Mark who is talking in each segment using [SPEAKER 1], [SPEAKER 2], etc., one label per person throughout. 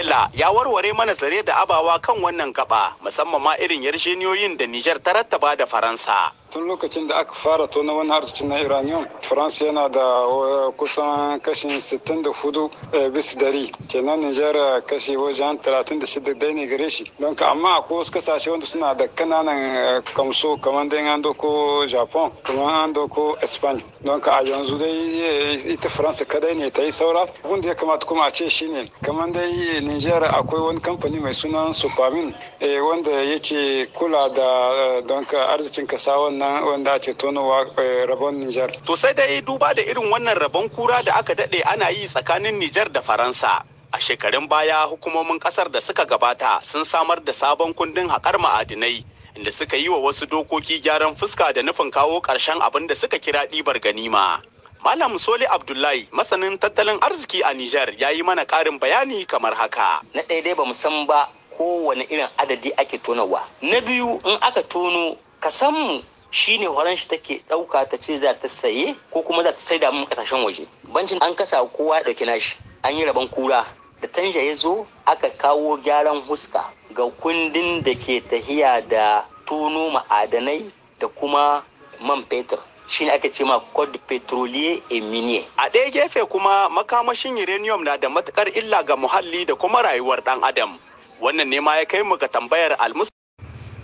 [SPEAKER 1] Ila ya warware mana zare da abawa kan wannan gaba musamman ma irin yarjeniyoyin da Nijar ta rattaba da Faransa.
[SPEAKER 2] tun lokacin da aka fara tona wani arzikin na iranium france yana da eh, kusan kashin 64 bis dari kenan nigeria kashi wajen 36 dai ne gare shi don ka amma akwai wasu kasashe wanda suna da kananan eh, kamso kamar dai an doko japan kamar an doko spain don ka a yanzu dai eh, ita faransa kadai ne ta yi saura abinda ya kamata kuma a ce shine kamar dai nigeria akwai wani kamfani mai sunan supamin wanda yake kula da don ka arzikin kasa wannan wanda ake tonowa eh, rabon Nijar. To sai dai duba da irin wannan rabon kura da aka daɗe ana yi tsakanin Nijar da Faransa.
[SPEAKER 1] A shekarun baya hukumomin ƙasar da suka gabata sun samar da sabon kundin haƙar ma'adinai inda suka yi wa wasu dokoki gyaran fuska da nufin kawo ƙarshen abin da suka kira ɗibar ganima. Malam Soli Abdullahi masanin tattalin arziki a Nijar ya yi mana ƙarin
[SPEAKER 3] bayani kamar haka. Na ɗaya dai ba mu san ba kowane irin adadi ake tonawa. Na biyu in aka tono ka san shi ne horon shi take ɗauka ta ce za ta saye ko kuma za ta sai da mun kasashen waje bancin an kasa kowa ya ɗauki nashi an yi rabon kura da tanja ya zo aka kawo gyaran huska ga kundin da ke tahiya da tono ma'adanai da kuma man fetur shi ne ake ce ma code petrolier et minier. A ɗaya gefe kuma makamashin uranium na da matukar illa ga
[SPEAKER 1] muhalli da kuma rayuwar ɗan adam. Wannan ne ma ya kai mu ga tambayar almus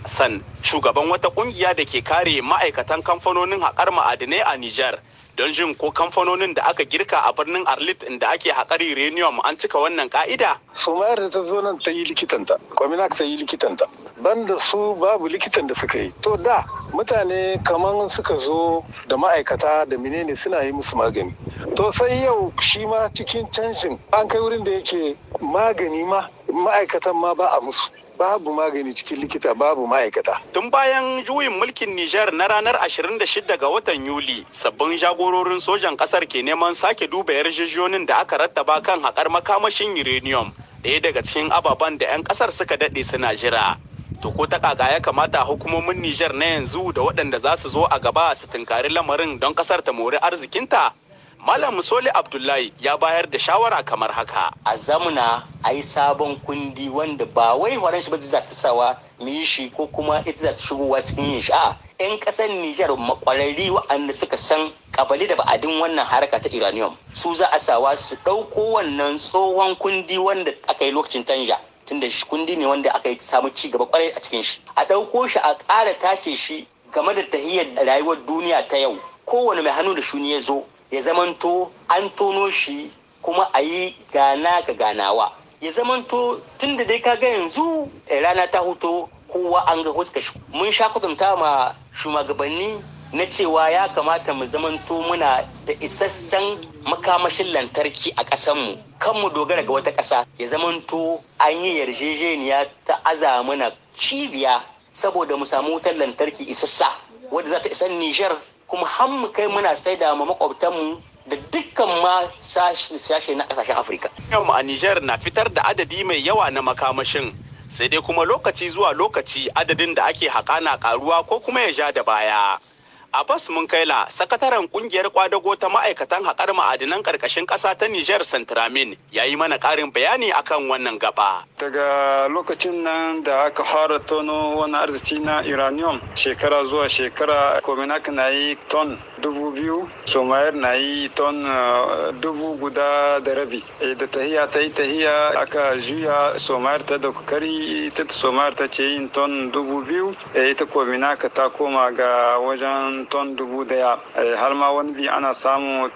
[SPEAKER 1] San shugaban wata kungiya da ke kare ma'aikatan kamfanonin haƙar ma'adinai a Nijar don jin ko kamfanonin da aka girka a birnin Arlit inda ake haƙar uranium an cika wannan
[SPEAKER 2] ka'ida. Sumayar ta zo nan ta yi likitanta, Kwaminak ta yi likitanta. Banda su babu likitan da suka yi. To da mutane kaman suka zo da ma'aikata da menene suna yi musu magani. To sai yau shi ma cikin canjin an kai wurin da yake magani ma ma'aikatan ma ba a musu. babu magani cikin likita babu ma'aikata.
[SPEAKER 1] Tun bayan juyin mulkin Nijar na ranar 26 ga watan Yuli, sabbin jagororin sojan ƙasar ke neman sake duba yarjejiyonin da aka rattaba kan haƙar makamashin uranium, ɗaya daga cikin ababen da 'yan ƙasar suka daɗe suna jira. To ko ta kaka ya kamata hukumomin Nijar na yanzu da waɗanda za su zo a gaba su tunkari lamarin don ƙasar ta mori arzikinta? Malam Soli Abdullahi ya bayar da shawara kamar haka. A zamuna
[SPEAKER 3] a yi sabon kundi wanda ba wai horon shi ba za ta sawa mu yi shi ko kuma ita za ta shigowa cikin yin shi. A'a, 'yan ƙasar Nijar makwararri waɗanda suka san kabali da ba'adin wannan harka ta uranium su za a sawa su ɗauko wannan tsohon kundi wanda aka yi lokacin tanja. tunda shi kundi ne wanda aka yi samu ci gaba kwarai a cikin shi a ɗauko shi a ƙara tace shi game da tahiyar rayuwar duniya ta yau kowane mai hannu da shuni ya zo ya zamanto an tono shi kuma a yi gana ga ganawa ya zamanto tun da dai ga yanzu eh, rana ta huto kowa an ga huska shi mun sha kutumta ma shugabanni na cewa ya kamata mu zamanto muna da isassan makamashin lantarki a ƙasanmu Kanmu dogara ga wata ƙasa ya zamanto an yi yarjejeniya ta aza cibiya saboda mu samu wutar lantarki isassa wadda za ta isa Nijar kuma har mu kai muna saida ma makwabtanmu da dukkan ma sashe na kasashen afirka
[SPEAKER 1] mu a niger na fitar da adadi mai yawa na makamashin sai dai kuma lokaci zuwa lokaci adadin da ake haƙa na ƙaruwa ko kuma ya ja da baya a Abbas Munkaila, sakataren kungiyar kwadago ta ma'aikatan haƙar ma'adinan ƙarƙashin ƙasa ta Nijar Santramin, ya yi mana ƙarin bayani
[SPEAKER 2] akan wannan gaba. Daga lokacin nan da aka fara tono wani arziki na uranium shekara zuwa shekara komai na yi ton dubu biyu somayar na yi ton uh, dubu guda da rabi eh, da tahiya ta yi tahiya aka juya somayar ta da ta ita somayar ta ce yin ton dubu biyu eh, ita ka ta koma ga wajen ton dubu daya eh, har ma wani bi ana samu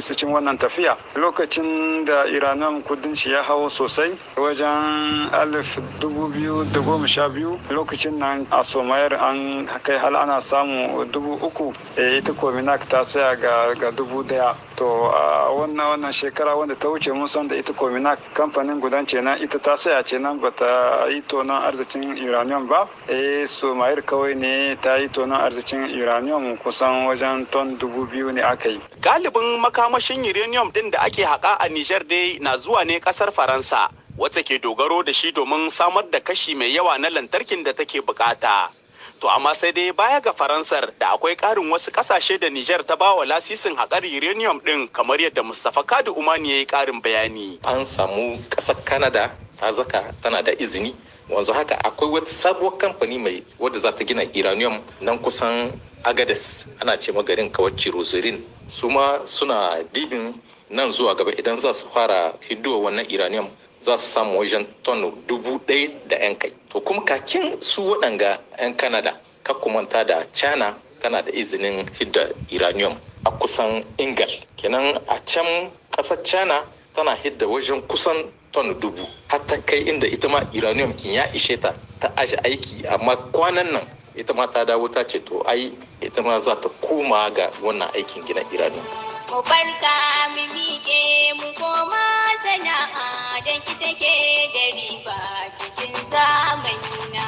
[SPEAKER 2] su cin wannan tafiya lokacin da iranian kudin shi ya hau sosai wajen alif dubu biyu da goma sha biyu lokacin nan a somayar an kai hal ana samu dubu uku ita kominak ta saya ga, ga dubu daya to a wannan wannan shekara wanda ta wuce mun san da ita kominak kamfanin gudan na ita ta saya ce ba ta yi tonon arzikin uranium ba eh somayir kawai ne ta yi tonon arzikin uranium kusan wajen ton dubu biyu ne aka yi
[SPEAKER 1] galibin makamashin uranium din da ake haka a niger dai na zuwa ne kasar faransa wacce ke dogaro da shi domin samar da kashi mai yawa na lantarkin da take bukata. To amma sai dai baya ga Faransar da akwai ƙarin wasu ƙasashe da Nijar ta bawa lasisin haƙar uranium ɗin kamar yadda Mustapha Kadu Umani ya yi ƙarin bayani. An samu
[SPEAKER 4] ƙasar Canada ta zaka tana da izini wanzu haka akwai wata sabuwar kamfani mai wadda za ta gina uranium nan kusan agadas ana ce garin kawacci rosarin su ma suna dibin nan zuwa gaba idan za su fara hidowa wannan uranium za su samu wajen tono dubu ɗaya da 'yan kai to kuma kakin su waɗanga 'yan kanada kumanta da china tana da izinin hidda uranium a kusan ingal kenan a can ƙasar china tana hidda wajen kusan ton dubu hatta kai inda ita ma uranium kin ya ishe ta ta aji aiki amma kwanan nan ita ma ta dawo ta ce to ai ita ma za ta koma ga wannan aikin gina
[SPEAKER 1] iranin mu farka mu miƙe mu koma sana'a don
[SPEAKER 3] ki take da riba cikin zamani na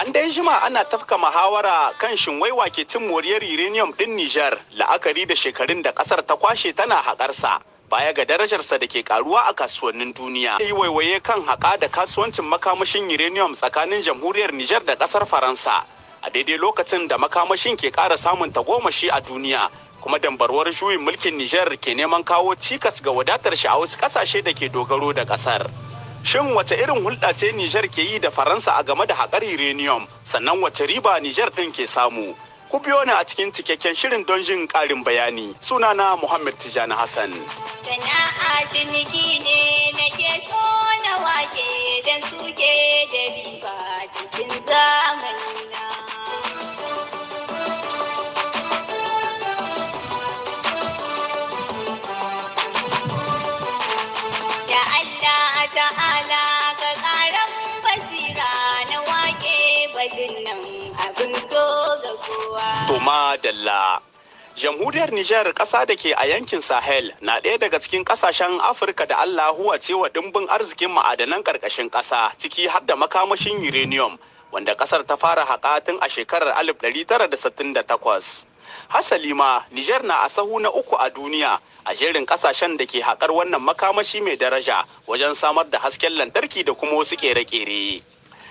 [SPEAKER 1] An dai jima ana tafka muhawara kan shin waiwa ke cin moriyar uranium din Nijar la'akari da shekarun da ƙasar ta kwashe tana haƙarsa. baya ga darajarsa da ke karuwa a kasuwannin duniya. Yi waiwaye kan haƙa da kasuwancin makamashin uranium tsakanin jamhuriyar Nijar da ƙasar Faransa a daidai lokacin da makamashin ke ƙara samun tagomashi a duniya kuma dambarwar juyin mulkin Nijar ke neman kawo cikas ga wadatar shi a wasu ƙasashe da ke dogaro da ƙasar. Shin wace irin hulɗa ce Nijar ke yi da Faransa a game da haƙar uranium sannan wace riba Nijar ɗin ke samu? Ku biyo ni a cikin cikakken shirin don jin ƙarin bayani. Sunana Muhammad Tijani Hassan.
[SPEAKER 2] Sana'a ciniki ne ke so na wake don suke da riba cikin zamani.
[SPEAKER 1] Toma dalla Jamhuriyar Nijar ƙasa da ke a yankin Sahel na ɗaya daga cikin ƙasashen Afirka da Allah huwa cewa dimbin arzikin ma'adanan ƙarƙashin ƙasa ciki har da makamashin uranium wanda ƙasar ta fara haƙa tun a shekarar 1968. Hasali ma Nijar na a sahu na uku a duniya a jerin ƙasashen da ke haƙar wannan makamashi mai daraja wajen samar da hasken lantarki da kuma wasu ƙere-ƙere.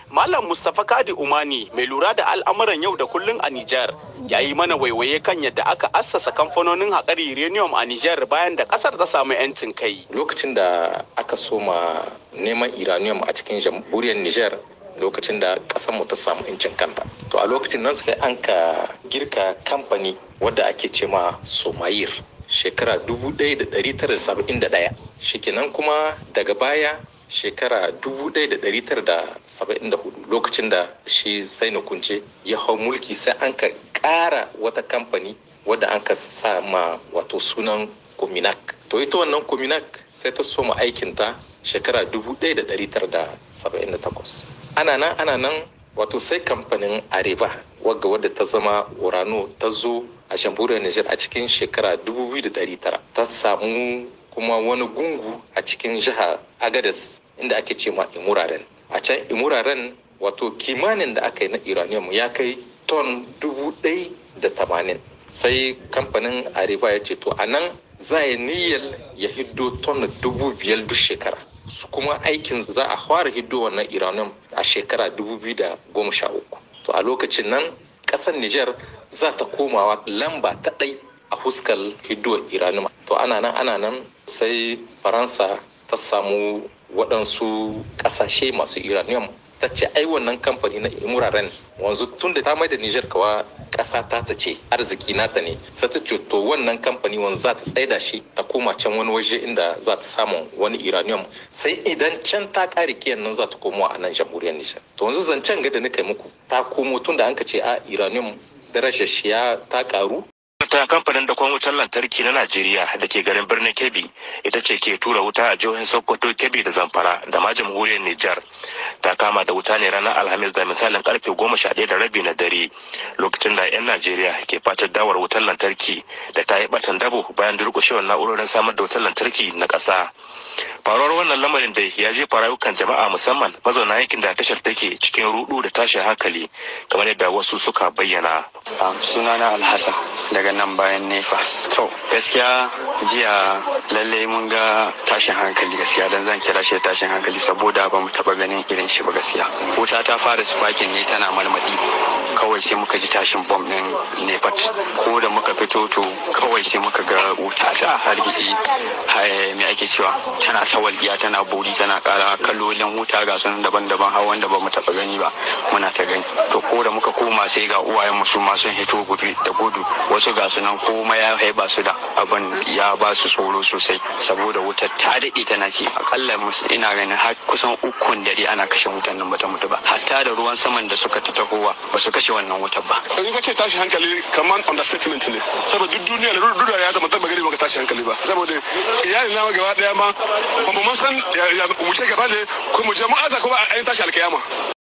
[SPEAKER 1] Malam Mustapha Kadi Umani mai lura da al'amuran yau da kullun a Nijar ya yi mana waiwaye kan yadda aka assasa kamfanonin haƙar uranium a Nijar bayan da ƙasar ta samu 'yancin kai. Lokacin da aka soma
[SPEAKER 4] neman uranium a cikin jamhuriyar Nijar lokacin da ƙasar mu ta samu 'yancin kanta. To a lokacin nan sai an ka girka kamfani wadda ake ce ma Somayir shekara 1971 shikenan kuma daga baya shekara 1974 lokacin da shi sai na kunce ya hau mulki sai an ka ƙara wata kamfani wadda an ka sa ma wato sunan kominak to ita wannan kominak sai ta soma aikinta shekara 1978 ana nan ana nan wato sai kamfanin areba wagga wadda ta zama urano ta zo a shamburiyar niger a cikin shekara 2009 ta samu kuma wani gungu a cikin jiha agadas inda ake ce ma imuraren a can imuraren wato kimanin da aka yi na iranium ya kai ton dubu ɗai da tamanin sai kamfanin arewa ya ce to a nan za a niyyar ya hiddo ton dubu biyar duk shekara su kuma aikin za a fara hiddo wannan iranium a shekara dubu biyu da goma sha uku to a lokacin nan ƙasar Nijar za ta komawa lamba ta ɗai a huskar hidduwar iranima to ana nan ana nan sai faransa ta samu waɗansu ƙasashe masu iranium ta ce ai wannan kamfani na muraren wanzu tun da ta mai da Nijar kawa ƙasa ta ta ce arziki nata ne sai ta to wannan kamfani wanzu za ta tsaida shi ta koma can wani waje inda za ta samu wani iranium sai idan can ta ƙare kiyan nan za ta komo a nan jamhuriyar niger to wanzu zancen ga da nika muku ta komo tun da an ka ce a iranium darajar
[SPEAKER 1] shi ya ta karu
[SPEAKER 3] wata kamfanin da kwan wutar lantarki na najeriya da ke garin birnin kebbi
[SPEAKER 1] ita ce ke tura wuta a jihohin sokoto kebbi da zamfara da ma jamhuriyar nijar ta kama da wuta ne ranar alhamis da misalin karfe goma sha ɗaya da rabi na dare lokacin da 'yan najeriya ke fatar dawar wutar lantarki da ta yi batan dabo bayan durƙushewar na'urorin samar da wutar lantarki na ƙasa faruwar wannan lamarin da ya jefa rayukan jama'a musamman mazauna yankin da tashar take cikin rudu da tashin hankali kamar yadda wasu suka bayyana sunana alhassan daga nan bayan nefa to gaskiya jiya lallai mun ga tashin hankali gaskiya dan zan kira shi tashin hankali saboda ba mu taba ganin irin shi ba gaskiya wuta ta fara spakin ne tana marmadi kawai sai muka ji tashin bom din nefat ko da muka fito to kawai sai muka ga wuta ta hargitsi mai ake cewa tana tawalgiya tana buri tana kara kalolin wuta ga sun daban-daban har wanda ba mu taba gani ba muna ta gani to ko da muka koma sai ga uwayen mu su ma sun hito gudu da gudu wasu ga su nan koma ya haiba su da abin ya ba su tsoro sosai saboda wuta ta daɗe tana ci akalla ina ganin har kusan ukun dare ana kashe wutan nan ta mutu ba hatta da ruwan saman da suka ta tahowa ba su kashe wannan wutar ba. Yanzu ka ce tashi hankali kamar understatement ne saboda duk duniya da duk ya zama tabba gari baka tashi hankali ba saboda
[SPEAKER 2] iyali na gaba daya ma ba mu san ya wuce gaba ne ko mu je mu ko ba a tashi alkiyama.